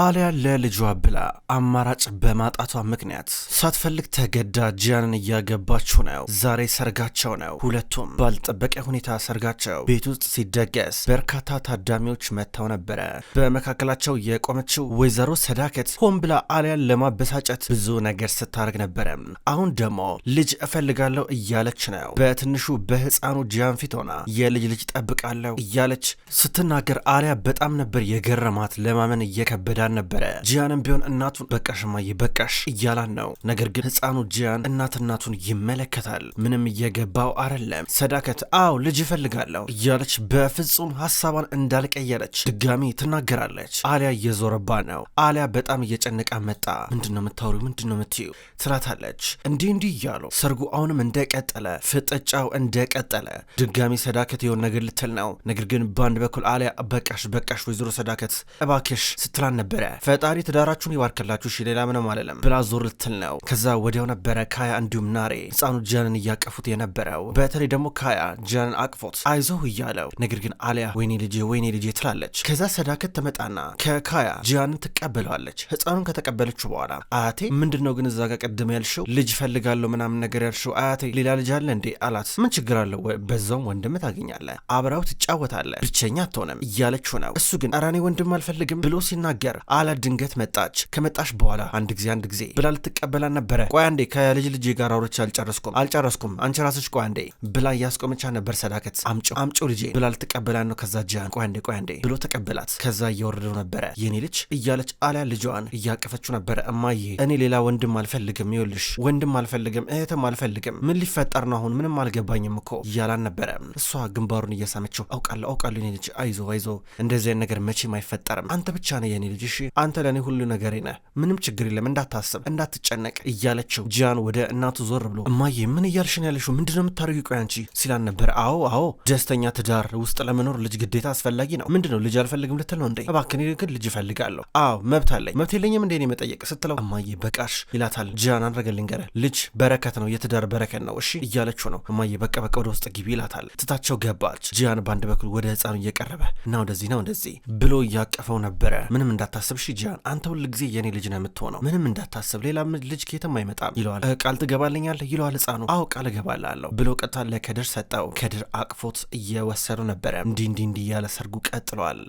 አሊያ ለልጇ ብላ አማራጭ በማጣቷ ምክንያት ሳትፈልግ ተገዳ ጂያንን እያገባችው ነው። ዛሬ ሰርጋቸው ነው። ሁለቱም ባልጠበቀ ሁኔታ ሰርጋቸው ቤት ውስጥ ሲደገስ በርካታ ታዳሚዎች መጥተው ነበረ። በመካከላቸው የቆመችው ወይዘሮ ሰዳከት ሆን ብላ አሊያን ለማበሳጨት ብዙ ነገር ስታደርግ ነበረ። አሁን ደግሞ ልጅ እፈልጋለሁ እያለች ነው። በትንሹ በህፃኑ ጂያን ፊት ሆና የልጅ ልጅ ጠብቃለሁ እያለች ስትናገር አሊያ በጣም ነበር የገረማት። ለማመን እየከበደ እየረዳን ነበረ። ጂያንም ቢሆን እናቱን በቃሽ እማዬ በቃሽ እያላን ነው። ነገር ግን ህፃኑ ጂያን እናት እናቱን ይመለከታል። ምንም እየገባው አይደለም። ሰዳከት አዎ ልጅ ይፈልጋለሁ እያለች በፍጹም ሀሳቧን እንዳልቀየረች ድጋሚ ትናገራለች። አሊያ እየዞረባ ነው። አሊያ በጣም እየጨነቃ መጣ። ምንድነው የምታወሪው? ምንድነው የምትዩ? ትላታለች። እንዲህ እንዲህ እያሉ ሰርጉ አሁንም እንደቀጠለ፣ ፍጥጫው እንደቀጠለ። ድጋሚ ሰዳከት የሆን ነገር ልትል ነው። ነገር ግን በአንድ በኩል አሊያ በቃሽ በቃሽ፣ ወይዘሮ ሰዳከት እባክሽ ስትላን ነበር ነበረ። ፈጣሪ ትዳራችሁን ይባርክላችሁ፣ እሺ ሌላ ምንም አለለም ብላ ዞር ልትል ነው። ከዛ ወዲያው ነበረ ካያ እንዲሁም ናሬ ህፃኑ ጃንን እያቀፉት የነበረው። በተለይ ደግሞ ካያ ጃንን አቅፎት አይዞህ እያለው፣ ነገር ግን አሊያ ወይኔ ልጄ ወይኔ ልጄ ትላለች። ከዛ ሰዳከት ትመጣና ከካያ ጃንን ትቀበለዋለች። ህፃኑን ከተቀበለችው በኋላ አያቴ ምንድን ነው ግን እዛ ጋር ቅድም ያልሽው ልጅ ፈልጋለሁ ምናምን ነገር ያልሽው አያቴ ሌላ ልጅ አለ እንዴ አላት። ምን ችግር አለው በዛውም ወንድም ታገኛለ አብራው ትጫወታለ ብቸኛ አትሆነም እያለችው ነው። እሱ ግን አራኔ ወንድም አልፈልግም ብሎ ሲናገር አላ ድንገት መጣች። ከመጣች በኋላ አንድ ጊዜ አንድ ጊዜ ብላ ልትቀበላን ነበረ። ቆይ አንዴ ከልጅ ልጅ ጋር አውሮች አልጨረስኩም አልጨረስኩም አንቺ ራስሽ ቆይ አንዴ ብላ እያስቆመቻ ነበር። ሰዳከት አምጪው አምጪው ልጄ ብላ ልትቀበላን ነው። ከዛ ጃን ቆይ አንዴ ቆይ አንዴ ብሎ ተቀበላት። ከዛ እየወረደው ነበረ የኔ ልጅ እያለች አሊያ ልጇን እያቀፈችው ነበረ። እማዬ እኔ ሌላ ወንድም አልፈልግም፣ ይኸውልሽ ወንድም አልፈልግም፣ እህትም አልፈልግም። ምን ሊፈጠር ነው አሁን? ምንም አልገባኝም እኮ እያላን ነበረ። እሷ ግንባሩን እያሳመችው አውቃለሁ አውቃለሁ የኔ ልጅ አይዞ አይዞ እንደዚህ ነገር መቼም አይፈጠርም። አንተ ብቻ ነህ የኔ ልጅ እሺ አንተ ለእኔ ሁሉ ነገሬ ነህ፣ ምንም ችግር የለም እንዳታስብ፣ እንዳትጨነቅ እያለችው ጂያን ወደ እናቱ ዞር ብሎ እማዬ ምን እያልሽ ነው ያለሽው? ምንድነው የምታደርጊ? ቆይ አንቺ ሲላን ነበር። አዎ አዎ፣ ደስተኛ ትዳር ውስጥ ለመኖር ልጅ ግዴታ አስፈላጊ ነው። ምንድነው ልጅ አልፈልግም ልትል ነው እንዴ? እባክህ ግን ልጅ እፈልጋለሁ። አዎ መብት አለኝ፣ መብት የለኝም እንዴ መጠየቅ ስትለው እማዬ በቃሽ ይላታል። ጂያን አንረገል ልንገርህ፣ ልጅ በረከት ነው፣ የትዳር በረከት ነው። እሺ እያለችው ነው። እማዬ በቃ በቃ ወደ ውስጥ ግቢ ይላታል። ትታቸው ገባች። ጂያን በአንድ በኩል ወደ ህፃኑ እየቀረበ እና ወደዚህ ና ወደዚህ ብሎ እያቀፈው ነበረ። ምንም እንዳታ እንዳታስብ ሺ አንተ ሁል ጊዜ የኔ ልጅ ነው የምትሆነው። ምንም እንዳታስብ፣ ሌላ ልጅ ከየትም አይመጣም ይለዋል። ቃል ትገባልኛለህ ይለዋል ህፃኑ። አዎ ቃል እገባላለሁ ብሎ ቀጥታ ለከድር ሰጠው። ከድር አቅፎት እየወሰዱ ነበረ። እንዲህ እንዲህ እንዲህ እያለ ሰርጉ ቀጥሏል።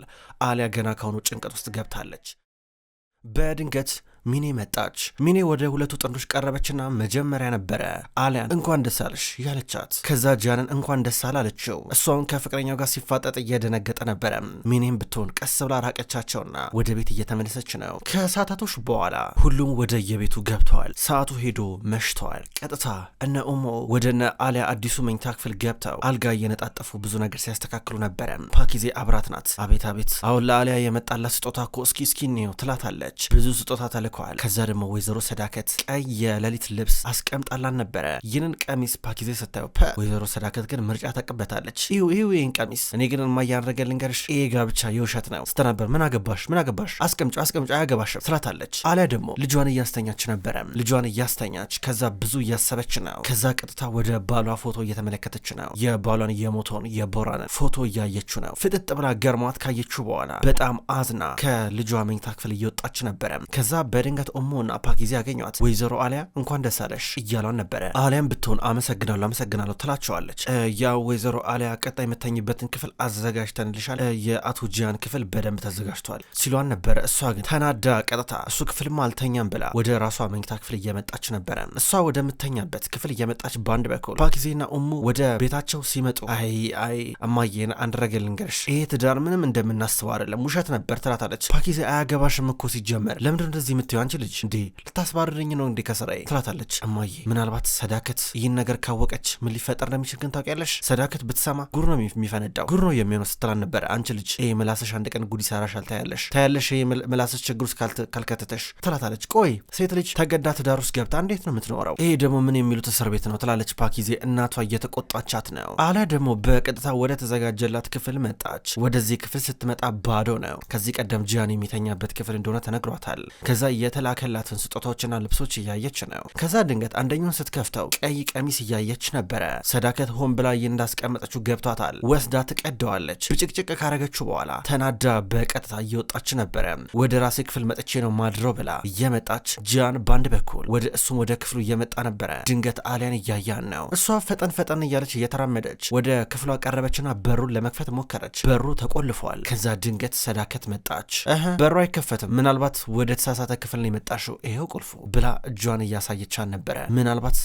አሊያ ገና ከሆኑ ጭንቀት ውስጥ ገብታለች። በድንገት ሚኔ መጣች። ሚኔ ወደ ሁለቱ ጥንዶች ቀረበችና መጀመሪያ ነበረ አሊያን እንኳን ደስ አለሽ ያለቻት። ከዛ ጃንን እንኳን ደስ አለ አለችው። እሷውን ከፍቅረኛው ጋር ሲፋጠጥ እየደነገጠ ነበረ። ሚኔም ብትሆን ቀስ ብላ ራቀቻቸውና ወደ ቤት እየተመለሰች ነው። ከሰዓታቶች በኋላ ሁሉም ወደ የቤቱ ገብተዋል። ሰዓቱ ሄዶ መሽተዋል። ቀጥታ እነ ኦሞ ወደነ አሊያ አዲሱ መኝታ ክፍል ገብተው አልጋ እየነጣጠፉ ብዙ ነገር ሲያስተካክሉ ነበረ። ፓኪዜ አብራት ናት። አቤት አቤት፣ አሁን ለአሊያ የመጣላት ስጦታ እኮ እስኪ እስኪ እንየው ትላታለች። ብዙ ስጦታ ተለ ይልከዋል። ከዛ ደግሞ ወይዘሮ ሰዳከት ቀይ የሌሊት ልብስ አስቀምጣላን ነበረ። ይህንን ቀሚስ ፓኪዜ ስታዩ ፐ ወይዘሮ ሰዳከት ግን ምርጫ ተቀበታለች። ይሁ ይሁ ይህን ቀሚስ እኔ ግን ማ ልንገርሽ፣ ይህ ጋብቻ የውሸት ነው ስተነበር ምን አገባሽ ምን አገባሽ አስቀምጫ አስቀምጫ አያገባሽም ስላታለች። አሊያ ደግሞ ልጇን እያስተኛች ነበረ። ልጇን እያስተኛች ከዛ ብዙ እያሰበች ነው። ከዛ ቀጥታ ወደ ባሏ ፎቶ እየተመለከተች ነው። የባሏን የሞቶን የቦራን ፎቶ እያየችው ነው። ፍጥጥ ብላ ገርሟት ካየችው በኋላ በጣም አዝና ከልጇ መኝታ ክፍል እየወጣች ነበረ። ከዛ በ በድንገት እሞና ፓኪዜ ያገኟት ወይዘሮ አሊያ እንኳን ደስ አለሽ እያሏን ነበረ። አሊያም ብትሆን አመሰግናለሁ አመሰግናለሁ ትላቸዋለች። ያው ወይዘሮ አሊያ ቀጣይ የምተኝበትን ክፍል አዘጋጅተንልሻል፣ የአቶ ጂያን ክፍል በደንብ ተዘጋጅቷል ሲሏን ነበረ። እሷ ግን ተናዳ ቀጥታ እሱ ክፍልም አልተኛም ብላ ወደ ራሷ መኝታ ክፍል እየመጣች ነበረ። እሷ ወደምተኛበት ክፍል እየመጣች በአንድ በኩል ፓኪዜና እሙ ወደ ቤታቸው ሲመጡ አይ አይ እማዬን አንድ ነገር ልንገርሽ፣ ይሄ ትዳር ምንም እንደምናስበው አይደለም፣ ውሸት ነበር ትላታለች። ፓኪዜ አያገባሽም እኮ ሲጀመር ለምንድን እንደዚህ የምትይው አንቺ ልጅ እንዴ ልታስባርርኝ ነው እንዴ ከስራዬ ትላታለች። እማዬ ምናልባት ሰዳከት ይህን ነገር ካወቀች ምን ሊፈጠር እንደሚችል ግን ታውቂያለሽ። ሰዳከት ብትሰማ ጉር ነው የሚፈነዳው፣ ጉር ነው የሚሆነው ስትላን ነበረ። አንቺ ልጅ ይሄ ምላስሽ አንድ ቀን ጉድ ይሰራሻል፣ ታያለሽ፣ ታያለሽ ይሄ ምላስሽ ችግር ውስጥ ካልከተተሽ ትላታለች። ቆይ ሴት ልጅ ተገዳ ትዳር ውስጥ ገብታ እንዴት ነው የምትኖረው? ይሄ ደግሞ ምን የሚሉት እስር ቤት ነው ትላለች። ፓኪዜ እናቷ እየተቆጣቻት ነው። አለ ደግሞ በቀጥታ ወደ ተዘጋጀላት ክፍል መጣች። ወደዚህ ክፍል ስትመጣ ባዶ ነው። ከዚህ ቀደም ጃን የሚተኛበት ክፍል እንደሆነ ተነግሯታል። ከዛ የተላከላትን ስጦታዎችና ልብሶች እያየች ነው። ከዛ ድንገት አንደኛውን ስትከፍተው ቀይ ቀሚስ እያየች ነበረ። ሰዳከት ሆን ብላ እንዳስቀመጠችው ገብቷታል። ወስዳ ትቀደዋለች። ብጭቅጭቅ ካረገችው በኋላ ተናዳ በቀጥታ እየወጣች ነበረ። ወደ ራሴ ክፍል መጥቼ ነው ማድረው ብላ እየመጣች ጂያን በአንድ በኩል ወደ እሱም ወደ ክፍሉ እየመጣ ነበረ። ድንገት አሊያን እያያን ነው። እሷ ፈጠን ፈጠን እያለች እየተራመደች ወደ ክፍሏ ቀረበችና በሩን ለመክፈት ሞከረች። በሩ ተቆልፏል። ከዛ ድንገት ሰዳከት መጣች። በሩ አይከፈትም፣ ምናልባት ወደ ተሳሳተ ክፍል ክፍል ነው የመጣሽው፣ ይኸው ቁልፉ ብላ እጇን እያሳየቻን ነበረ። ምናልባት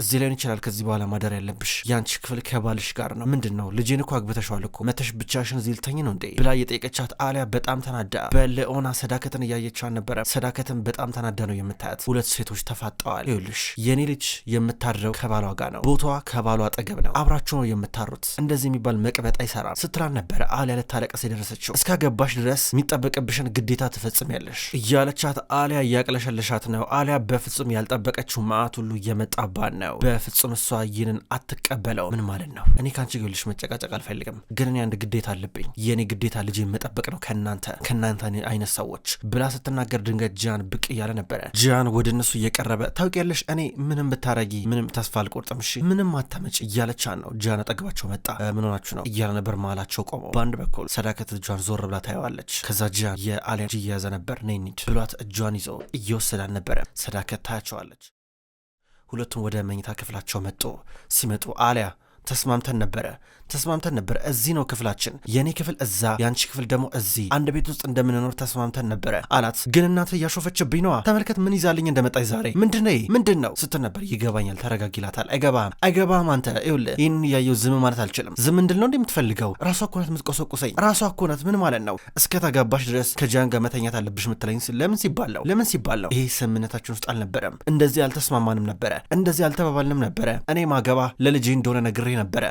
እዚህ ላይሆን ይችላል ከዚህ በኋላ ማደር ያለብሽ ያንቺ ክፍል ከባልሽ ጋር ነው። ምንድን ነው ልጄን እኮ አግብተሸዋል እኮ መተሽ ብቻሽን እዚህ ልተኝ ነው እንዴ ብላ የጠየቀቻት አሊያ በጣም ተናዳ በለኦና ሰዳከትን እያየቻን ነበረ። ሰዳከትን በጣም ተናዳ ነው የምታያት። ሁለት ሴቶች ተፋጠዋል። ይኸውልሽ የኔ ልጅ የምታድረው ከባሏ ጋር ነው፣ ቦታዋ ከባሏ አጠገብ ነው፣ አብራችሁ ነው የምታሩት። እንደዚህ የሚባል መቅበጥ አይሰራም ስትላን ነበረ። አሊያ ልታለቀስ የደረሰችው እስካገባሽ ድረስ የሚጠበቅብሽን ግዴታ ያለሽ እያለቻት አሊያ እያቅለሸለሻት ነው። አሊያ በፍጹም ያልጠበቀችው መዓት ሁሉ እየመጣባት ነው። በፍጹም እሷ ይህንን አትቀበለው። ምን ማለት ነው? እኔ ከአንቺ ገብልሽ መጨቃጨቅ አልፈልግም፣ ግን እኔ አንድ ግዴታ አለብኝ። የእኔ ግዴታ ልጅ መጠበቅ ነው ከእናንተ ከእናንተ አይነት ሰዎች ብላ ስትናገር ድንገት ጂያን ብቅ እያለ ነበረ። ጂያን ወደ እነሱ እየቀረበ ታውቂያለሽ፣ እኔ ምንም ብታረጊ ምንም ተስፋ አልቆርጥም፣ እሺ ምንም አታመጭ እያለቻን ነው። ጂያን አጠገባቸው መጣ። ምን ሆናችሁ ነው እያለ ነበር መሀላቸው ቆመው። በአንድ በኩል ሰዳከት እጇን ዞር ብላ ታየዋለች። ከዛ ጂያን የአሊያ እጅ እየያዘ ነበር። ነይ እንሂድ ብሏት እጇን እጇን ይዞ እየወሰደ አልነበረ። ሰዳከት ታያቸዋለች። ሁለቱም ወደ መኝታ ክፍላቸው መጡ። ሲመጡ አሊያ ተስማምተን ነበረ ተስማምተን ነበረ። እዚህ ነው ክፍላችን፣ የእኔ ክፍል እዛ፣ የአንቺ ክፍል ደግሞ እዚህ፣ አንድ ቤት ውስጥ እንደምንኖር ተስማምተን ነበረ አላት። ግን እናት እያሾፈችብኝ ነዋ። ተመልከት ምን ይዛልኝ እንደመጣች ዛሬ። ምንድን ነው ምንድን ነው ስትል ነበር። ይገባኛል፣ ተረጋጊ ይላታል። አይገባህም፣ አይገባህም አንተ። ይኸውልህ ይህን እያየሁ ዝም ማለት አልችልም። ዝም እንድል ነው እንደ የምትፈልገው? ራሷ እኮ ናት የምትቆሰቁሰኝ፣ ራሷ እኮ ናት። ምን ማለት ነው? እስከ ተጋባሽ ድረስ ከጃን ጋር መተኛት አለብሽ የምትለኝ ለምን ሲባል ነው? ለምን ሲባል ነው? ይሄ ስምምነታችን ውስጥ አልነበረም። እንደዚህ አልተስማማንም ነበረ፣ እንደዚህ አልተባባልንም ነበረ። እኔ ማገባ ለልጄ እንደሆነ ነግሬ ነበረ።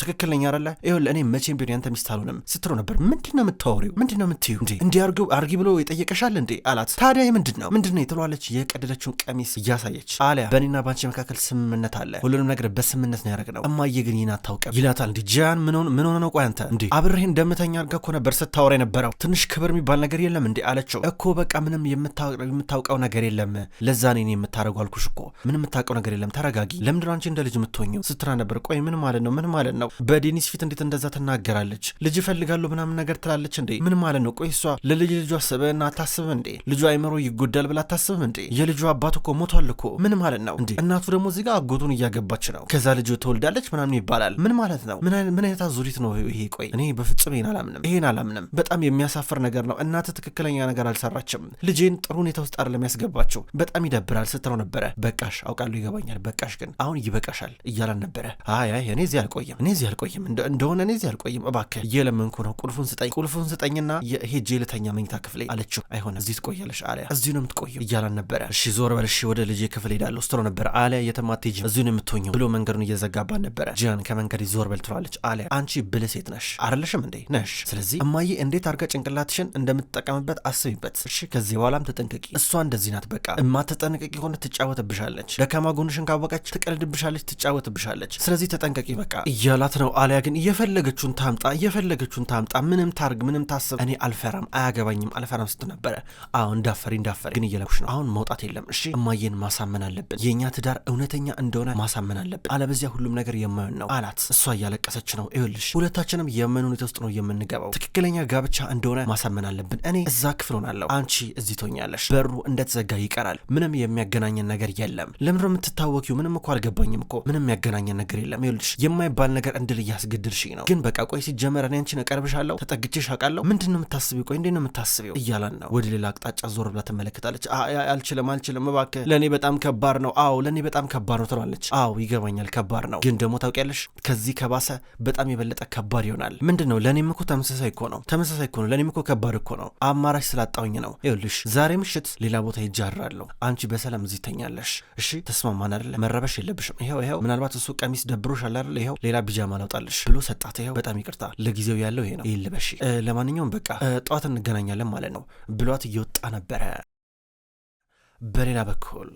ትክክል ነኝ አለ። ይኸውልህ እኔ መቼም ቢሆን ያንተ ሚስት አልሆንም ስትለው ነበር። ምንድን ነው የምታወሪው? ምንድን ነው የምትዩ? እንዴ እንዲህ አርጊ አርጊ ብሎ የጠየቀሻል እንዴ አላት። ታዲያ ምንድን ነው ምንድን ነው የተለዋለች የቀደደችውን ቀሚስ እያሳየች። አሊያ በእኔና በአንቺ መካከል ስምምነት አለ፣ ሁሉንም ነገር በስምምነት ነው ያደረግነው። እማዬ ግን ይህን አታውቅም ይላታል። እንዲ ጃን ምን ሆነ ነው? ቆይ አንተ እንዴ አብሬህ እንደምተኛ አድርጋ እኮ ነበር ስታወራ የነበረው። ትንሽ ክብር የሚባል ነገር የለም እንዴ አለችው። እኮ በቃ ምንም የምታውቀው ነገር የለም፣ ለዛ ነው የምታደረጉ አልኩሽ እኮ። ምንም የምታውቀው ነገር የለም፣ ተረጋጊ። ለምንድን አንቺ እንደ ልጅ የምትሆኘው ስትና ነበር። ቆይ ምን ማለት ነው? ምን ማለት ነው? በዴኒስ ፊት እንዴት እንደዛ ትናገራለች? ልጅ እፈልጋለሁ ምናምን ነገር ትላለች እንዴ? ምን ማለት ነው? ቆይ እሷ ለልጅ ልጇ ስብዕና አታስብም እንዴ? ልጇ አይምሮ ይጎዳል ብላ አታስብም እንዴ? የልጅ አባት እኮ ሞቷል እኮ ምን ማለት ነው እንዴ? እናቱ ደግሞ እዚህ ጋር አጎቱን እያገባች ነው። ከዛ ልጅ ትወልዳለች ምናምን ይባላል። ምን ማለት ነው? ምን አይነት አዙሪት ነው ይሄ? ቆይ እኔ በፍጹም ይሄን አላምንም፣ ይሄን አላምንም። በጣም የሚያሳፍር ነገር ነው። እናት ትክክለኛ ነገር አልሰራችም። ልጄን ጥሩ ሁኔታ ውስጥ አይደለም ያስገባችው። በጣም ይደብራል ስትለው ነበረ። በቃሽ አውቃለሁ፣ ይገባኛል፣ በቃሽ ግን አሁን ይበቃሻል እያላን ነበረ አይ አይ እኔ እዚህ አልቆይም፣ እኔ እዚህ አልቆይም እንደሆነ እኔ እዚህ አልቆይም፣ እባክህ እየለመንኩ ነው፣ ቁልፉን ስጠኝ፣ ቁልፉን ስጠኝና የሄጄ ልተኛ መኝታ ክፍሌ አለችው። አይሆነ እዚህ ትቆያለሽ አሊያ፣ እዚሁ ነው የምትቆየው እያላን ነበረ። እሺ ዞር በል እሺ፣ ወደ ልጄ ክፍል ሄዳለሁ ስትለው ነበረ። አሊያ የተማቴጅ እዚሁ ነው የምትሆኘው ብሎ መንገዱን እየዘጋባን ነበረ። ጂያን ከመንገድ ዞር በል ትለዋለች። አሊያ አንቺ ብልህ ሴት ነሽ አይደለሽም እንዴ ነሽ። ስለዚህ እማዬ እንዴት አድርጋ ጭንቅላትሽን እንደምትጠቀምበት አስቢበት። እሺ ከዚህ በኋላም ተጠንቀቂ። እሷ እንደዚህ ናት። በቃ እማትጠነቀቂ ሆነ ትጫወትብሻለች። ደካማ ጎንሽን ካወቀች ትቀልድብሻለች፣ ትጫወትብሻለች። ስለዚህ ተጠ ተጠንቀቂ በቃ እያላት ነው። አሊያ ግን እየፈለገችውን ታምጣ እየፈለገችውን ታምጣ፣ ምንም ታርግ፣ ምንም ታስብ፣ እኔ አልፈራም፣ አያገባኝም፣ አልፈራም ስት ነበረ። አሁን እንዳፈሪ እንዳፈሪ ግን እየለኩሽ ነው። አሁን መውጣት የለም እሺ። እማዬን ማሳመን አለብን፣ የእኛ ትዳር እውነተኛ እንደሆነ ማሳመን አለብን፣ አለበዚያ ሁሉም ነገር የማይሆን ነው አላት። እሷ እያለቀሰች ነው። ይኸውልሽ ሁለታችንም የምን ሁኔታ ውስጥ ነው የምንገባው፣ ትክክለኛ ጋብቻ እንደሆነ ማሳመን አለብን። እኔ እዛ ክፍል ሆናለሁ፣ አንቺ እዚህ ትሆኛለሽ። በሩ እንደተዘጋ ይቀራል። ምንም የሚያገናኘን ነገር የለም። ለምድሮ የምትታወቂው? ምንም እኮ አልገባኝም እኮ ምንም የሚያገናኘን ነገር የለም ይኸውልሽ የማይባል ነገር እንድል እያስገድድሽኝ ነው። ግን በቃ ቆይ ሲጀመር እኔ አንቺን እቀርብሻለሁ፣ ተጠግቼሽ አውቃለሁ። ምንድን ነው የምታስቢው? ቆይ እንዴት ነው የምታስቢው? እያላን ነው። ወደ ሌላ አቅጣጫ ዞር ብላ ትመለከታለች። አልችልም፣ አልችልም፣ እባክህ ለእኔ በጣም ከባድ ነው። አዎ ለእኔ በጣም ከባድ ነው ትሏለች። አዎ ይገባኛል፣ ከባድ ነው። ግን ደግሞ ታውቂያለሽ ከዚህ ከባሰ በጣም የበለጠ ከባድ ይሆናል። ምንድን ነው ለእኔም እኮ ተመሳሳይ እኮ ነው፣ ተመሳሳይ እኮ ነው፣ ለእኔም እኮ ከባድ እኮ ነው። አማራጭ ስላጣውኝ ነው። ይኸውልሽ ዛሬ ምሽት ሌላ ቦታ ይጃራለሁ፣ አንቺ በሰላም እዚህ ተኛለሽ። እሺ ተስማማን አይደለ? መረበሽ የለብሽም። ይኸው ይኸው ምናልባት እሱ ቀሚስ ደብሮሽ አምሮሻል አይደል? ይኸው ሌላ ቢጃማ ላውጣልሽ ብሎ ሰጣት። ይኸው በጣም ይቅርታ ለጊዜው ያለው ይሄ ነው፣ ይህን ልበሽ። ለማንኛውም በቃ ጠዋት እንገናኛለን ማለት ነው ብሏት እየወጣ ነበረ። በሌላ በኩል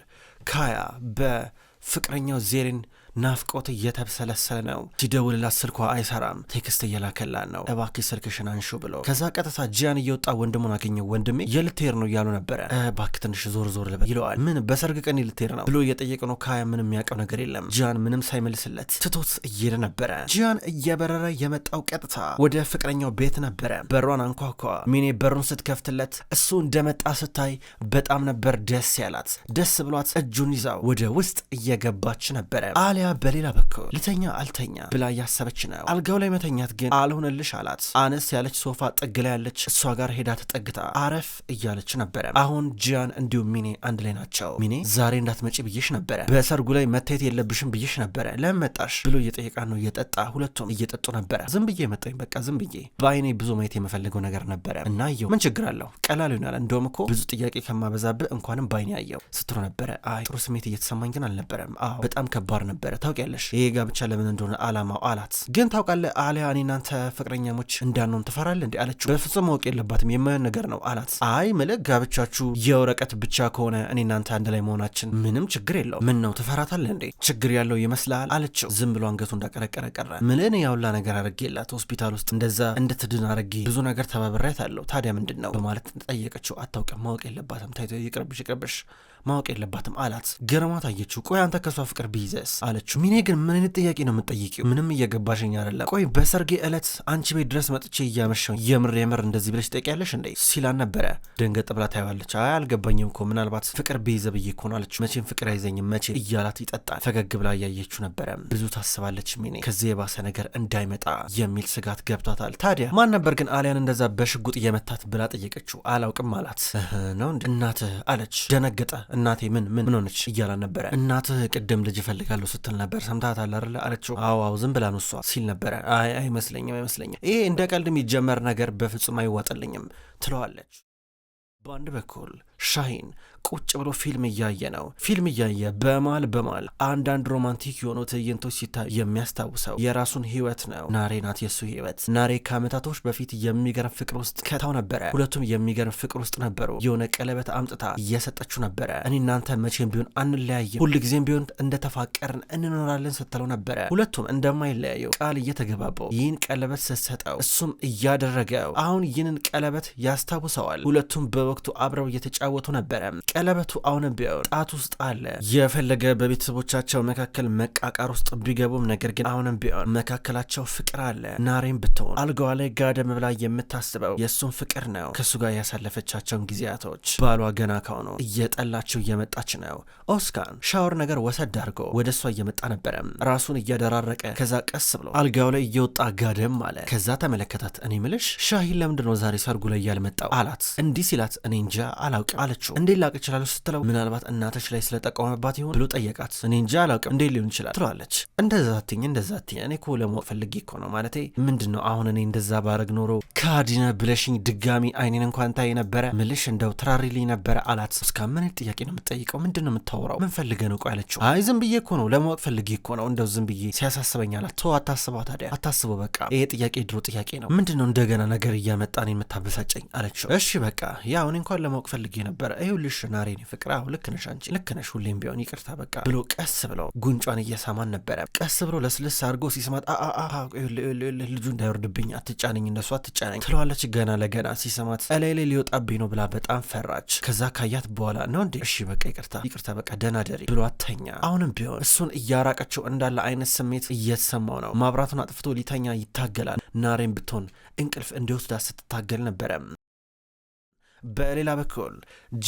ካያ በፍቅረኛው ዜሬን ናፍቆት እየተብሰለሰለ ነው። ሲደውልላት ስልኳ አይሰራም። ቴክስት እየላከላት ነው እባክ ስልክሽን አንሹ ብሎ ከዛ ቀጥታ ጂያን እየወጣ ወንድሙን አገኘው። ወንድሜ የልትሄድ ነው እያሉ ነበረ። እባክ ትንሽ ዞር ዞር ልበል ይለዋል። ምን በሰርግ ቀን ልትሄድ ነው ብሎ እየጠየቅ ነው። ካያ ምንም የሚያውቀው ነገር የለም። ጂያን ምንም ሳይመልስለት ትቶት እየሄደ ነበረ። ጂያን እየበረረ የመጣው ቀጥታ ወደ ፍቅረኛው ቤት ነበረ። በሯን አንኳኳ። ሚኔ በሩን ስትከፍትለት እሱ እንደመጣ ስታይ በጣም ነበር ደስ ያላት። ደስ ብሏት እጁን ይዛው ወደ ውስጥ እየገባች ነበረ አሊያ አያ በሌላ በኩል ልተኛ አልተኛ ብላ እያሰበች ነው። አልጋው ላይ መተኛት ግን አልሆነልሽ አላት። አነስ ያለች ሶፋ ጥግ ላይ ያለች እሷ ጋር ሄዳ ተጠግታ አረፍ እያለች ነበረ። አሁን ጂያን እንዲሁም ሚኔ አንድ ላይ ናቸው። ሚኔ ዛሬ እንዳትመጪ ብዬሽ ነበረ፣ በሰርጉ ላይ መታየት የለብሽም ብዬሽ ነበረ፣ ለምን መጣሽ ብሎ እየጠየቃ ነው። እየጠጣ ሁለቱም እየጠጡ ነበረ። ዝም ብዬ መጣኝ፣ በቃ ዝም ብዬ በአይኔ ብዙ ማየት የመፈለገው ነገር ነበረ እና አየሁ። ምን ችግር አለው? ቀላል ይሆናል። እንደውም እኮ ብዙ ጥያቄ ከማበዛብህ እንኳንም በአይኔ አየው ስትሮ ነበረ። አይ ጥሩ ስሜት እየተሰማኝ ግን አልነበረም። አዎ በጣም ከባድ ነበረ ታውቂያለሽ ይሄ ጋብቻ ለምን እንደሆነ አላማው አላት። ግን ታውቃለህ አሊያ እኔ እናንተ ፍቅረኛሞች እንዳንሆን ትፈራለህ እንዴ አለችው። በፍጹም ማወቅ የለባትም የማየን ነገር ነው አላት። አይ ምልክ ጋብቻችሁ የወረቀት ብቻ ከሆነ እኔ እናንተ አንድ ላይ መሆናችን ምንም ችግር የለው። ምን ነው ትፈራታለህ እንዴ ችግር ያለው ይመስላል አለችው። ዝም ብሎ አንገቱ እንዳቀረቀረ ቀረ። ምልን ያውላ ነገር አድርጌላት ሆስፒታል ውስጥ እንደዛ እንድትድን አድርጌ ብዙ ነገር አለው። ታዲያ ምንድን ነው በማለት ጠየቀችው። አታውቅም ማወቅ የለባትም ታይቶ ይቅርብሽ ይቅርብሽ ማወቅ የለባትም አላት። ገረማ ታየችው። ቆይ አንተ ከሷ ፍቅር ቢይዘስ አለችው። ሚኔ ግን ምን አይነት ጥያቄ ነው የምትጠይቂው? ምንም እየገባሽኝ አይደለም። ቆይ በሰርጌ ዕለት አንቺ ቤት ድረስ መጥቼ እያመሸው የምር የምር እንደዚህ ብለሽ ትጠይቂያለሽ እንዴ ሲላን ነበረ። ደንገጥ ብላ ታየዋለች። አይ አልገባኝም እኮ ምናልባት ፍቅር ቢይዘ ብዬ እኮ ነው አለችው። መቼም ፍቅር አይዘኝም መቼ እያላት ይጠጣል። ፈገግ ብላ እያየችው ነበረ። ብዙ ታስባለች ሚኔ ከዚህ የባሰ ነገር እንዳይመጣ የሚል ስጋት ገብቷታል። ታዲያ ማን ነበር ግን አሊያን እንደዛ በሽጉጥ እየመታት ብላ ጠየቀችው። አላውቅም አላት። ነው እንዴ እናትህ አለች። ደነገጠ። እናቴ ምን ምን ምን ሆነች እያላን ነበረ። እናትህ ቅድም ልጅ እፈልጋለሁ ስትል ነበር ሰምታታል አይደለ አለችው። አዎ አዎ ዝም ብላ እሷ ሲል ነበረ። አይ አይመስለኝም አይመስለኝም፣ ይሄ እንደ ቀልድ የሚጀመር ነገር በፍጹም አይዋጥልኝም ትለዋለች። በአንድ በኩል ሻሂን ቁጭ ብሎ ፊልም እያየ ነው። ፊልም እያየ በማል በማል አንዳንድ ሮማንቲክ የሆኑ ትዕይንቶች ሲታይ የሚያስታውሰው የራሱን ህይወት ነው። ናሬ ናት የሱ ህይወት። ናሬ ከአመታቶች በፊት የሚገርም ፍቅር ውስጥ ከታው ነበረ። ሁለቱም የሚገርም ፍቅር ውስጥ ነበሩ። የሆነ ቀለበት አምጥታ እየሰጠችው ነበረ። እኔ እናንተ መቼም ቢሆን አንለያይም፣ ሁልጊዜም ቢሆን እንደተፋቀርን እንኖራለን ስትለው ነበረ። ሁለቱም እንደማይለያየው ቃል እየተገባበው ይህን ቀለበት ስትሰጠው እሱም እያደረገው አሁን ይህንን ቀለበት ያስታውሰዋል። ሁለቱም በወቅቱ አብረው እየተጫወቱ ነበረ። ቀለበቱ አሁን ቢሆን ጣት ውስጥ አለ። የፈለገ በቤተሰቦቻቸው መካከል መቃቃር ውስጥ ቢገቡም ነገር ግን አሁንም ቢሆን መካከላቸው ፍቅር አለ። ናሬም ብትሆን አልጋዋ ላይ ጋደም ብላ የምታስበው የእሱን ፍቅር ነው። ከእሱ ጋር ያሳለፈቻቸውን ጊዜያቶች ባሏ ገና ካሁኑ እየጠላችው እየመጣች ነው። ኦስካን ሻወር ነገር ወሰድ አድርጎ ወደ እሷ እየመጣ ነበረም፣ ራሱን እያደራረቀ ከዛ ቀስ ብሎ አልጋው ላይ እየወጣ ጋደም አለ። ከዛ ተመለከታት። እኔ ምልሽ ሻሂን ለምንድነው ዛሬ ሰርጉ ላይ ያልመጣው አላት። እንዲህ ሲላት እኔ እንጃ አላውቅም አለችው። እንዴ ላቅች እችላለሁ ስትለው ምናልባት እናተች ላይ ስለጠቀመባት ይሆን ብሎ ጠየቃት። እኔ እንጂ አላውቅም እንዴ ሊሆን ይችላል ትለዋለች። እንደዛ ትኝ እንደዛ ትኝ እኔ እኮ ለማወቅ ፈልጌ እኮ ነው ማለቴ ምንድን ነው አሁን እኔ እንደዛ ባረግ ኖሮ ከአዲነ ብለሽኝ ድጋሚ አይኔን እንኳን ታይ ነበረ ምልሽ እንደው ትራሪልኝ ነበረ አላት። እስካ ምን ጥያቄ ነው የምትጠይቀው? ምንድን ነው የምታወራው? ምን ፈልገ ነው ቆ ያለችው። አይ ዝም ብዬ እኮ ነው ለማወቅ ፈልጌ እኮ ነው እንደው ዝም ብዬ ሲያሳስበኝ አላት። ተው አታስበው፣ ታዲያ አታስበው፣ በቃ ይሄ ጥያቄ ድሮ ጥያቄ ነው። ምንድን ነው እንደገና ነገር እያመጣን የምታበሳጨኝ አለችው። እሺ በቃ ያው እኔ እንኳን ለማወቅ ፈልጌ ነበረ ይሁልሽ ናሬ ፍቅር አሁ ልክ ነሽ አንቺ ልክ ነሽ ሁሌም ቢሆን ይቅርታ በቃ ብሎ ቀስ ብሎ ጉንጯን እየሳማን ነበረ። ቀስ ብሎ ለስልስ አድርጎ ሲስማት ልጁ እንዳይወርድብኝ አትጫነኝ፣ እንደሱ አትጫነኝ ትለዋለች። ገና ለገና ሲሰማት እላይ ላይ ሊወጣብኝ ነው ብላ በጣም ፈራች። ከዛ ካያት በኋላ ነው እንዴ እሺ በቃ ይቅርታ ይቅርታ በቃ ደህና ደሪ ብሎ አተኛ። አሁንም ቢሆን እሱን እያራቀችው እንዳለ አይነት ስሜት እየተሰማው ነው። ማብራቱን አጥፍቶ ሊተኛ ይታገላል። ናሬን ብትሆን እንቅልፍ እንዲወስዳ ስትታገል ነበረም። በሌላ በኩል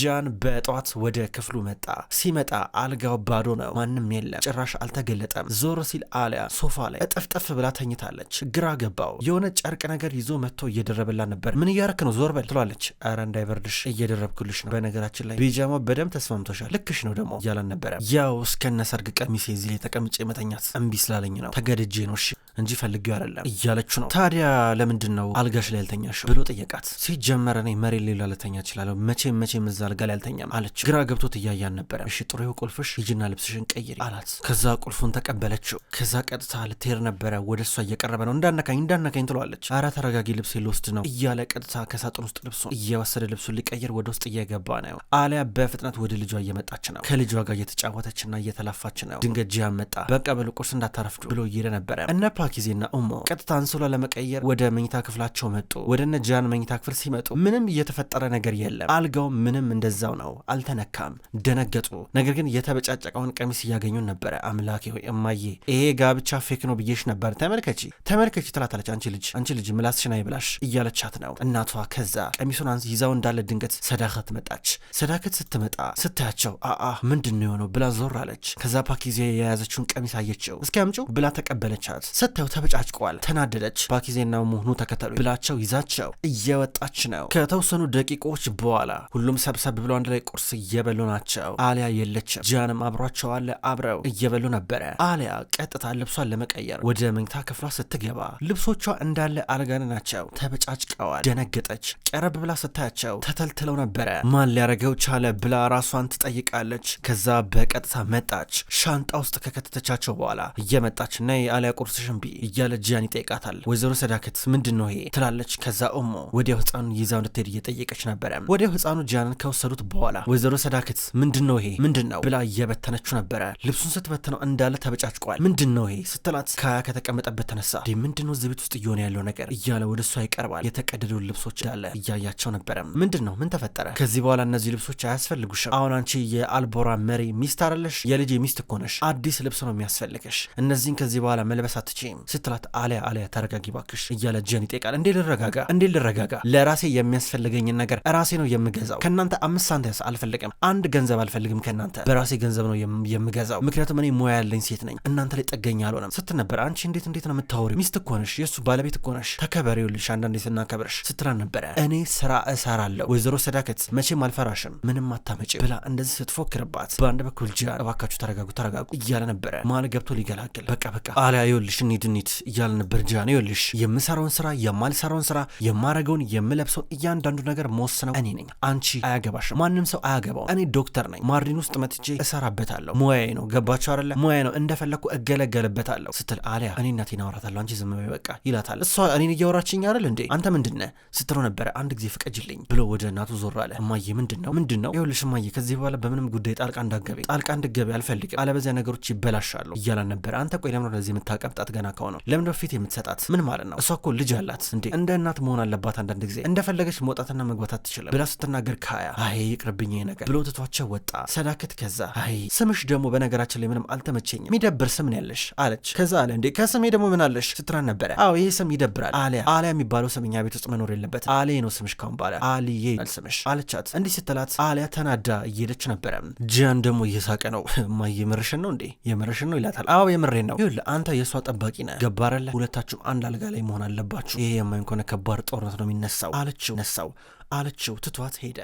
ጃን በጠዋት ወደ ክፍሉ መጣ። ሲመጣ አልጋው ባዶ ነው፣ ማንም የለም፣ ጭራሽ አልተገለጠም። ዞር ሲል አሊያ ሶፋ ላይ እጠፍጠፍ ብላ ተኝታለች። ግራ ገባው። የሆነ ጨርቅ ነገር ይዞ መጥቶ እየደረበላ ነበር። ምን እያረክ ነው? ዞር በል ትሏለች። ኧረ እንዳይበርድሽ እየደረብኩልሽ ነው። በነገራችን ላይ ቢጃማ በደንብ ተስማምቶሻል፣ ልክሽ ነው ደግሞ እያላን ነበረ። ያው እስከነ ሰርግ ቀሚሴ እዚህ ላይ ተቀምጬ መተኛት እምቢ ስላለኝ ነው ተገድጄ ነው እንጂ ፈልጌው አይደለም እያለች ነው። ታዲያ ለምንድን ነው አልጋሽ ላይ ያልተኛሽው ብሎ ጠየቃት። ሲጀመረ እኔ መሬት ሌላ ልተኛ እችላለሁ። መቼም መቼም እዛ አልጋ ላይ አልተኛም አለችው። ግራ ገብቶት እያያን ነበረ። እሺ ጥሩ ይኸው ቁልፍሽ፣ ሂጂና ልብስሽን ቀይሪ አላት። ከዛ ቁልፉን ተቀበለችው። ከዛ ቀጥታ ልትሄድ ነበረ። ወደ እሷ እየቀረበ ነው። እንዳናካኝ እንዳናካኝ ትለዋለች። አራ ተረጋጊ፣ ልብሴ ልወስድ ነው እያለ ቀጥታ ከሳጥን ውስጥ ልብሱን እየወሰደ ልብሱን ሊቀይር ወደ ውስጥ እየገባ ነው። አሊያ በፍጥነት ወደ ልጇ እየመጣች ነው። ከልጇ ጋር እየተጫወተችና እየተላፋች ነው። ድንገት ጂያን መጣ። በቃ በሉ ቁርስ እንዳታረፍዱ ብሎ እየሄደ ነበረ። እነ ፓኪዜና እሞ ቀጥታ አንሶላ ለመቀየር ወደ መኝታ ክፍላቸው መጡ። ወደ እነ ጂያን መኝታ ክፍል ሲመጡ ምንም እየተፈጠረ ነገር የለም። አልጋው ምንም እንደዛው ነው፣ አልተነካም። ደነገጡ። ነገር ግን የተበጫጨቀውን ቀሚስ እያገኙ ነበረ። አምላኬ ሆይ እማዬ፣ ይሄ ጋብቻ ፌክ ነው ብዬሽ ነበር፣ ተመልከቺ፣ ተመልከቺ ትላታለች። አንቺ ልጅ፣ አንቺ ልጅ ምላስሽን አይብላሽ እያለቻት ነው እናቷ። ከዛ ቀሚሱን ይዛው እንዳለ ድንገት ሰዳከት መጣች። ሰዳከት ስትመጣ ስታያቸው አአ ምንድን ነው የሆነው ብላ ዞር አለች። ከዛ ፓኪዜ የያዘችውን ቀሚስ አየችው። እስኪ አምጪው ብላ ተቀበለቻት። ስታየው ተበጫጭቋል፣ ተናደደች። ፓኪዜና መሆኑ ተከተሉ ብላቸው ይዛቸው እየወጣች ነው። ከተወሰኑ ደቂቆ ከቁርስ በኋላ ሁሉም ሰብሰብ ብሎ አንድ ላይ ቁርስ እየበሉ ናቸው። አሊያ የለችም። ጂያንም አብሯቸው አለ። አብረው እየበሉ ነበረ። አሊያ ቀጥታ ልብሷን ለመቀየር ወደ መኝታ ክፍሏ ስትገባ ልብሶቿ እንዳለ አልጋን ናቸው። ተበጫጭቀዋል። ደነገጠች። ቀረብ ብላ ስታያቸው ተተልትለው ነበረ። ማን ሊያደርገው ቻለ ብላ ራሷን ትጠይቃለች። ከዛ በቀጥታ መጣች። ሻንጣ ውስጥ ከከተተቻቸው በኋላ እየመጣች ነይ አሊያ ቁርስሽን ብይ እያለ ጃን ይጠይቃታል። ወይዘሮ ሰዳከት ምንድን ነው ይሄ ትላለች። ከዛ እሞ ወዲያው ህፃኑን ይዛው እንድትሄድ እየጠየቀች ነበር። ነበረ። ወዲያው ህፃኑ ጃንን ከወሰዱት በኋላ ወይዘሮ ሰዳክት ምንድን ነው ይሄ ምንድን ነው ብላ እየበተነችው ነበረ። ልብሱን ስትበትነው እንዳለ ተበጫጭቋል። ምንድን ነው ይሄ ስትላት ካያ ከተቀመጠበት ተነሳ። ምንድን ነው እዚህ ቤት ውስጥ እየሆነ ያለው ነገር እያለ ወደ እሷ ይቀርባል። የተቀደዱ ልብሶች እንዳለ እያያቸው ነበረ። ምንድን ነው ምን ተፈጠረ? ከዚህ በኋላ እነዚህ ልብሶች አያስፈልጉሽም። አሁን አንቺ የአልቦራ መሪ ሚስት አደለሽ፣ የልጅ ሚስት እኮ ነሽ። አዲስ ልብስ ነው የሚያስፈልግሽ። እነዚህን ከዚህ በኋላ መልበስ አትችም ስትላት አሊያ አሊያ ተረጋጊ ባክሽ እያለ ጀን ይጠይቃል። እንዴ ልረጋጋ? እንዴ ልረጋጋ? ለራሴ የሚያስፈልገኝን ነገር ነገር ራሴ ነው የምገዛው። ከእናንተ አምስት ሳንቲምስ አልፈልግም። አንድ ገንዘብ አልፈልግም ከእናንተ በራሴ ገንዘብ ነው የምገዛው። ምክንያቱም እኔ ሙያ ያለኝ ሴት ነኝ፣ እናንተ ላይ ጥገኛ አልሆነም ስትል ነበር። አንቺ እንዴት እንዴት ነው የምታወሪ? ሚስት እኮ ነሽ፣ የእሱ ባለቤት እኮ ነሽ። ተከበሬውልሽ አንዳንዴ ስናከብርሽ ስትላን ነበረ። እኔ ስራ እሰራለሁ ወይዘሮ ሰዳከት፣ መቼም አልፈራሽም፣ ምንም አታመጭ ብላ እንደዚህ ስትፎክርባት፣ በአንድ በኩል ጂያን እባካችሁ ተረጋጉ፣ ተረጋጉ እያለ ነበረ። ማል ገብቶ ሊገላግል በቃ በቃ አሊያ ይኸውልሽ፣ እንሂድ እያለ ነበር ጂያን። ይኸውልሽ የምሰራውን ስራ የማልሰራውን ስራ የማረገውን የምለብሰውን እያንዳንዱ ነገር የምወስነው እኔ ነኝ። አንቺ አያገባሽም። ማንም ሰው አያገባው። እኔ ዶክተር ነኝ። ማርዲን ውስጥ መጥቼ እሰራበታለሁ። ሙያዬ ነው። ገባቸው አለ። ሙያዬ ነው። እንደፈለግኩ እገለገልበታለሁ ስትል አሊያ እኔ እናቴን አወራታለሁ፣ አንቺ ዝም በይ በቃ ይላታል። እሷ እኔን እያወራችኝ አይደል እንዴ አንተ ምንድነ ስትለው ነበረ። አንድ ጊዜ ፍቀጅልኝ ብሎ ወደ እናቱ ዞር አለ። እማዬ ምንድን ነው ምንድን ነው? ይኸውልሽ እማዬ ከዚህ በኋላ በምንም ጉዳይ ጣልቃ እንዳገቢ ጣልቃ እንድገቢ አልፈልግም፣ አለበዚያ ነገሮች ይበላሻሉ እያላን ነበረ። አንተ ቆይ ለምን ወደዚህ የምታቀብጣት ገና ከሆነው ለምን በፊት የምትሰጣት ምን ማለት ነው? እሷ እኮ ልጅ አላት እንዴ እንደ እናት መሆን አለባት። አንዳንድ ጊዜ እንደፈለገች መውጣትና መግባት አትችልም ብላ ስትናገር ካያ አይ ይቅርብኝ ይሄ ነገር ብሎ ትቷቸው ወጣ። ሰዳከት ከዛ አይ ስምሽ ደግሞ በነገራችን ላይ ምንም አልተመቸኝም የሚደብር ስም ነው ያለሽ አለች። ከዛ አለ እንዴ ከስሜ ደግሞ ምን አለሽ ስትራን ነበረ። አዎ ይሄ ስም ይደብራል። አሊያ አሊያ የሚባለው ስም እኛ ቤት ውስጥ መኖር የለበት። አሌ ነው ስምሽ ካሁን በኋላ አልዬ ስምሽ አለቻት። እንዲህ ስትላት አሊያ ተናዳ እየሄደች ነበረ። ጂያን ደግሞ እየሳቀ ነው። እማ የምርሽን ነው እንዴ የምርሽን ነው ይላታል። አዎ የምሬን ነው። ይኸውልህ አንተ የእሷ ጠባቂ ነህ ገባረለ ሁለታችሁም አንድ አልጋ ላይ መሆን አለባችሁ። ይሄ የማይሆን ከሆነ ከባድ ጦርነት ነው የሚነሳው አለችው። ነሳው አለችው። ትቷት ሄደ።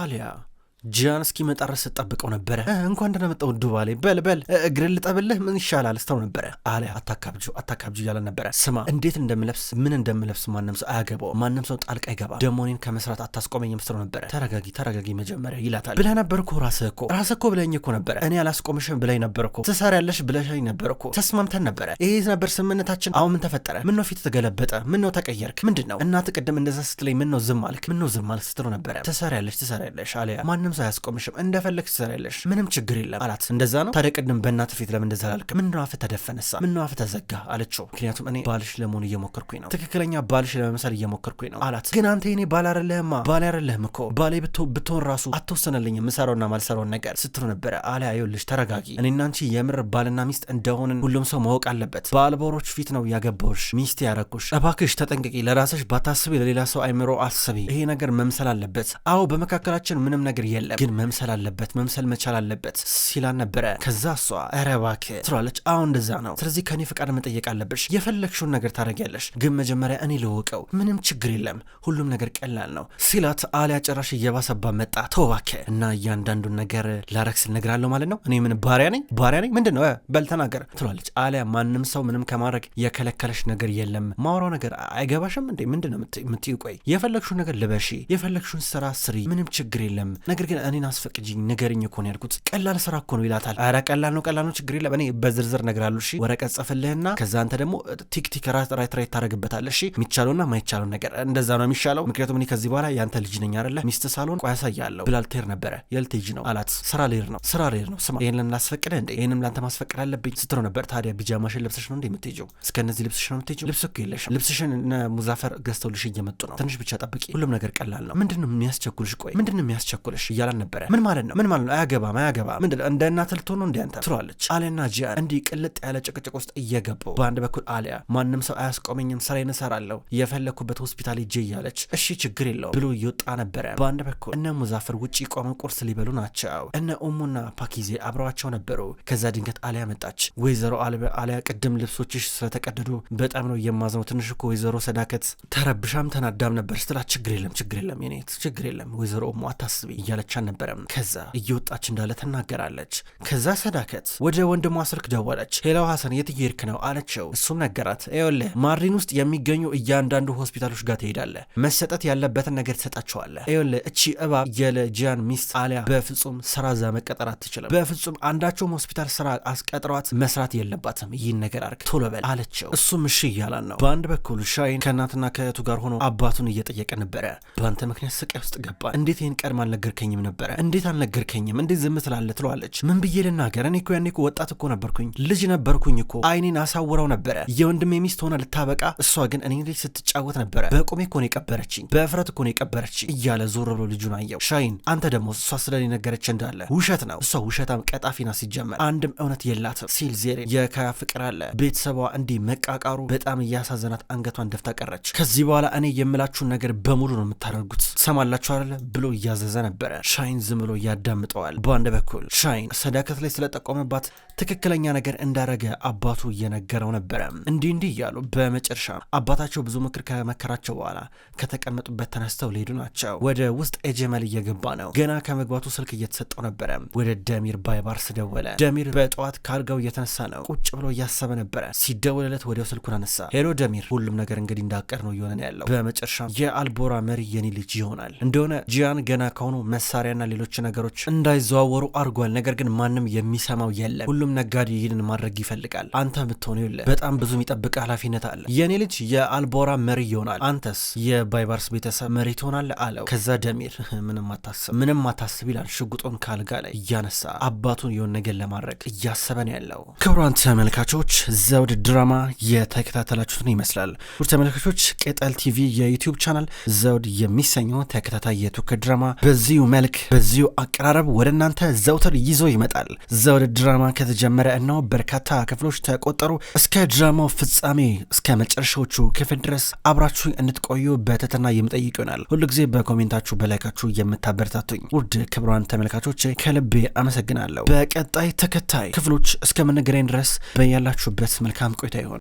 አሊያ ጂያን እስኪመጣ ድረስ ስጠብቀው ነበረ። እንኳን እንደነመጣው ዱባሌ በል በል እግር ልጠብልህ ምን ይሻላል ስተው ነበረ አለ። አታካብጁ አታካብጁ እያለ ነበረ። ስማ እንዴት እንደምለብስ ምን እንደምለብስ ማንም ሰው አያገባው፣ ማንም ሰው ጣልቃ አይገባ ደግሞ እኔን ከመስራት አታስቆመኝም ስተው ነበረ። ተረጋጊ ተረጋጊ መጀመሪያ ይላታል። ብለህ ነበር እኮ ራስህ እኮ ራስህ እኮ ብለኝ እኮ ነበረ። እኔ አላስቆምሽም ብለኝ ነበር እኮ። ትሰሪያለሽ ብለሽኝ ነበር እኮ። ተስማምተን ነበረ። ይሄ ነበር ስምምነታችን። አሁን ምን ተፈጠረ? ምን ነው ፊት ተገለበጠ? ምን ነው ተቀየርክ? ምንድን ነው እናትህ ቅድም እንደዛ ስትለኝ ምን ነው ዝም አልክ? ምን ነው ዝም አልክ ስትለው ነበረ። ትሰሪያለሽ ትሰሪያለሽ አለ። ማንም ማንም ሳያስቆምሽም እንደፈለግሽ ትሰሪያለሽ፣ ምንም ችግር የለም አላት። እንደዛ ነው ታዲያ ቅድም በእናት ፊት ለምን እንደዛ አላልክም? ምነው አፍ ተደፈነሳ? ምነው አፍ ተዘጋ አለችው። ምክንያቱም እኔ ባልሽ ለመሆን እየሞከርኩኝ ነው፣ ትክክለኛ ባልሽ ለመሰል እየሞከርኩኝ ነው አላት። ግን አንተ የኔ ባል አይደለህማ፣ ባል አይደለህም እኮ ባሌ ብትሆን ራሱ አትወሰነልኝ የምሰራውና ማልሰራውን ነገር ስትሉ ነበረ። አሊያ ይኸውልሽ ተረጋጊ፣ እኔና አንቺ የምር ባልና ሚስት እንደሆንን ሁሉም ሰው ማወቅ አለበት። በአልቦሮች ፊት ነው ያገባሁሽ፣ ሚስት ያረኩሽ። እባክሽ ተጠንቀቂ፣ ለራስሽ ባታስቢ ለሌላ ሰው አይምሮ አስቢ። ይሄ ነገር መምሰል አለበት። አዎ በመካከላችን ምንም ነገር የለም የለም ግን መምሰል አለበት መምሰል መቻል አለበት ሲላን ነበረ። ከዛ እሷ ኧረ እባክህ ትሏለች። አዎ እንደዛ ነው። ስለዚህ ከእኔ ፈቃድ መጠየቅ አለብሽ። የፈለግሽውን ነገር ታደርጊያለሽ፣ ግን መጀመሪያ እኔ ልወቀው። ምንም ችግር የለም፣ ሁሉም ነገር ቀላል ነው ሲላት፣ አሊያ ጭራሽ እየባሰባ መጣ። ተው እባክህ እና እያንዳንዱን ነገር ላረግስል ነገር አለው ማለት ነው። እኔ ምን ባሪያ ነኝ? ባሪያ ነኝ ምንድን ነው? በል ተናገር ትሏለች አሊያ። ማንም ሰው ምንም ከማድረግ የከለከለሽ ነገር የለም። ማውራው ነገር አይገባሽም እንዴ? ምንድን ነው የምትይው? ቆይ የፈለግሽውን ነገር ልበሺ፣ የፈለግሽውን ስራ ስሪ፣ ምንም ችግር የለም ነገር ግን እኔን አስፈቅጂኝ ንገርኝ እኮ ነው ያልኩት። ቀላል ስራ እኮ ነው ይላታል። ኧረ ቀላል ነው ቀላል ነው ችግር የለም እኔ በዝርዝር እነግራለሁ። እሺ ወረቀት ጽፍልህና ከዛ አንተ ደግሞ ቲክቲክ ራይት ራይት ታደርግበታለህ። እሺ የሚቻለውና ማይቻለው ነገር እንደዛ ነው የሚሻለው። ምክንያቱም እኔ ከዚህ በኋላ የአንተ ልጅ ነኝ አይደለ ሚስት ሳልሆን ቆይ አሳያለሁ ብላ ልትሄድ ነበረ። የልትሄጂ ነው አላት። ስራ ልሄድ ነው ስራ ልሄድ ነው። ስማ ይህንም ላስፈቅደ እንዴ ይህንም ለአንተ ማስፈቅድ አለብኝ ስትለው ነበር። ታዲያ ቢጃማሽን ልብስሽ ነው እንዴ የምትሄጂው? እስከነዚህ ልብስሽ ነው የምትሄጂው? ልብስ እኮ የለሽም። ልብስሽን እነ ሙዛፈር ገዝተውልሽ እየመጡ ነው። ትንሽ ብቻ ጠብቂ። ሁሉም ነገር ቀላል ነው። ምንድን ነው የሚያስቸኩልሽ? ቆይ ምንድን ነው የሚያስቸኩልሽ? እያላን ነበረ። ምን ማለት ነው? ምን ማለት ነው? አያገባም፣ አያገባም ምንድን ነው? እንደ እናት ልትሆን ነው እንዲያንተ ትሏለች። አሊያና ጂያን እንዲህ ቅልጥ ያለ ጭቅጭቅ ውስጥ እየገቡ በአንድ በኩል አሊያ ማንም ሰው አያስቆመኝም፣ ስራ እሰራለሁ፣ የፈለግኩበት ሆስፒታል ሂጄ እያለች እሺ ችግር የለውም ብሎ እየወጣ ነበረ። በአንድ በኩል እነ ሙዛፍር ውጪ ቆመ ቁርስ ሊበሉ ናቸው። እነ ኡሙና ፓኪዜ አብረዋቸው ነበሩ። ከዛ ድንገት አሊያ መጣች። ወይዘሮ አሊያ ቅድም ልብሶችሽ ስለተቀደዱ በጣም ነው የማዝነው። ትንሽ እኮ ወይዘሮ ሰዳከት ተረብሻም ተናዳም ነበር ስትላት ችግር የለም ችግር የለም ኔት ችግር የለም ወይዘሮ ኡሙ አታስቢ እያለች እየተመቻ አልነበረም። ከዛ እየወጣች እንዳለ ትናገራለች። ከዛ ሰዳከት ወደ ወንድሟ ስልክ ደወለች። ሄላው ሐሰን የት እየሄድክ ነው አለችው። እሱም ነገራት። ይኸውልህ ማሪን ውስጥ የሚገኙ እያንዳንዱ ሆስፒታሎች ጋር ትሄዳለህ። መሰጠት ያለበትን ነገር ትሰጣቸዋለህ። ይኸውልህ እቺ እባብ ጂያን ሚስት አሊያ በፍጹም ስራ እዛ መቀጠር አትችልም። በፍጹም አንዳቸውም ሆስፒታል ስራ አስቀጥሯት መስራት የለባትም። ይህን ነገር አርግ ቶሎ በል አለችው። እሱም እሺ እያላን ነው። በአንድ በኩል ሻይን ከእናትና ከእህቱ ጋር ሆኖ አባቱን እየጠየቀ ነበረ። በአንተ ምክንያት ስቃይ ውስጥ ገባ። እንዴት ይህን ቀድማ አልነገርከኝ አልነገርከኝም ነበረ? እንዴት አልነገርከኝም? እንዴት ዝም ትላለህ? ትለዋለች። ምን ብዬ ልናገር? እኔ እኮ ያኔ እኮ ወጣት እኮ ነበርኩኝ፣ ልጅ ነበርኩኝ እኮ አይኔን አሳውረው ነበረ። የወንድሜ ሚስት ሆነ ልታበቃ፣ እሷ ግን እኔ ልጅ ስትጫወት ነበረ። በቁሜ እኮ ነው የቀበረችኝ፣ በእፍረት እኮ ነው የቀበረችኝ እያለ ዞር ብሎ ልጁን አየው። ሻይን፣ አንተ ደግሞ እሷ ስለኔ ነገረች እንዳለ ውሸት ነው። እሷ ውሸታም ቀጣፊና ሲጀመር አንድም እውነት የላትም ሲል ዜሬ የካያ ፍቅር አለ። ቤተሰቧ እንዲህ መቃቃሩ በጣም እያሳዘናት አንገቷን ደፍታ ቀረች። ከዚህ በኋላ እኔ የምላችሁን ነገር በሙሉ ነው የምታደርጉት፣ ሰማላችሁ አለ ብሎ እያዘዘ ነበረ። ሻይን ዝም ብሎ ያዳምጠዋል። በአንድ በኩል ሻይን ሰዳከት ላይ ስለጠቆመባት ትክክለኛ ነገር እንዳረገ አባቱ እየነገረው ነበረ። እንዲህ እንዲህ እያሉ በመጨረሻ አባታቸው ብዙ ምክር ከመከራቸው በኋላ ከተቀመጡበት ተነስተው ሊሄዱ ናቸው። ወደ ውስጥ ኤጀመል እየገባ ነው። ገና ከመግባቱ ስልክ እየተሰጠው ነበረ። ወደ ደሚር ባይባርስ ደወለ። ደሚር በጠዋት ካልጋው እየተነሳ ነው። ቁጭ ብሎ እያሰበ ነበረ። ሲደወለለት ወዲያው ስልኩን አነሳ። ሄሎ ደሚር፣ ሁሉም ነገር እንግዲህ እንዳቀር ነው እየሆነ ያለው። በመጨረሻ የአልቦራ መሪ የኔ ልጅ ይሆናል እንደሆነ ጂያን ገና ከሆኑ መሰ መሳሪያና ሌሎች ነገሮች እንዳይዘዋወሩ አድርጓል። ነገር ግን ማንም የሚሰማው የለም። ሁሉም ነጋዴ ይህንን ማድረግ ይፈልጋል። አንተ የምትሆነው የለ። በጣም ብዙ የሚጠብቅ ኃላፊነት አለ። የእኔ ልጅ የአልቦራ መሪ ይሆናል፣ አንተስ የባይባርስ ቤተሰብ መሪ ትሆናለህ አለው። ከዛ ደሚር ምንም አታስብ፣ ምንም አታስብ ይላል። ሽጉጡን ካልጋ ላይ እያነሳ አባቱን የሆን ነገር ለማድረግ እያሰበን ነው ያለው። ክቡራን ተመልካቾች ዘውድ ድራማ የተከታተላችሁትን ይመስላል። ውድ ተመልካቾች ቅጠል ቲቪ የዩቲዩብ ቻናል ዘውድ የሚሰኘው ተከታታይ የቱርክ ድራማ በዚሁ መ መልክ በዚሁ አቀራረብ ወደ እናንተ ዘውትር ይዞ ይመጣል። ዘውድ ድራማ ከተጀመረ እነው በርካታ ክፍሎች ተቆጠሩ። እስከ ድራማው ፍጻሜ እስከ መጨረሻዎቹ ክፍል ድረስ አብራችሁ እንድትቆዩ በትህትና የምጠይቅ ይሆናል። ሁሉ ጊዜ በኮሜንታችሁ በላይካችሁ የምታበረታቱኝ ውድ ክብሯን ተመልካቾች ከልቤ አመሰግናለሁ። በቀጣይ ተከታይ ክፍሎች እስከምንገናኝ ድረስ በያላችሁበት መልካም ቆይታ ይሆን።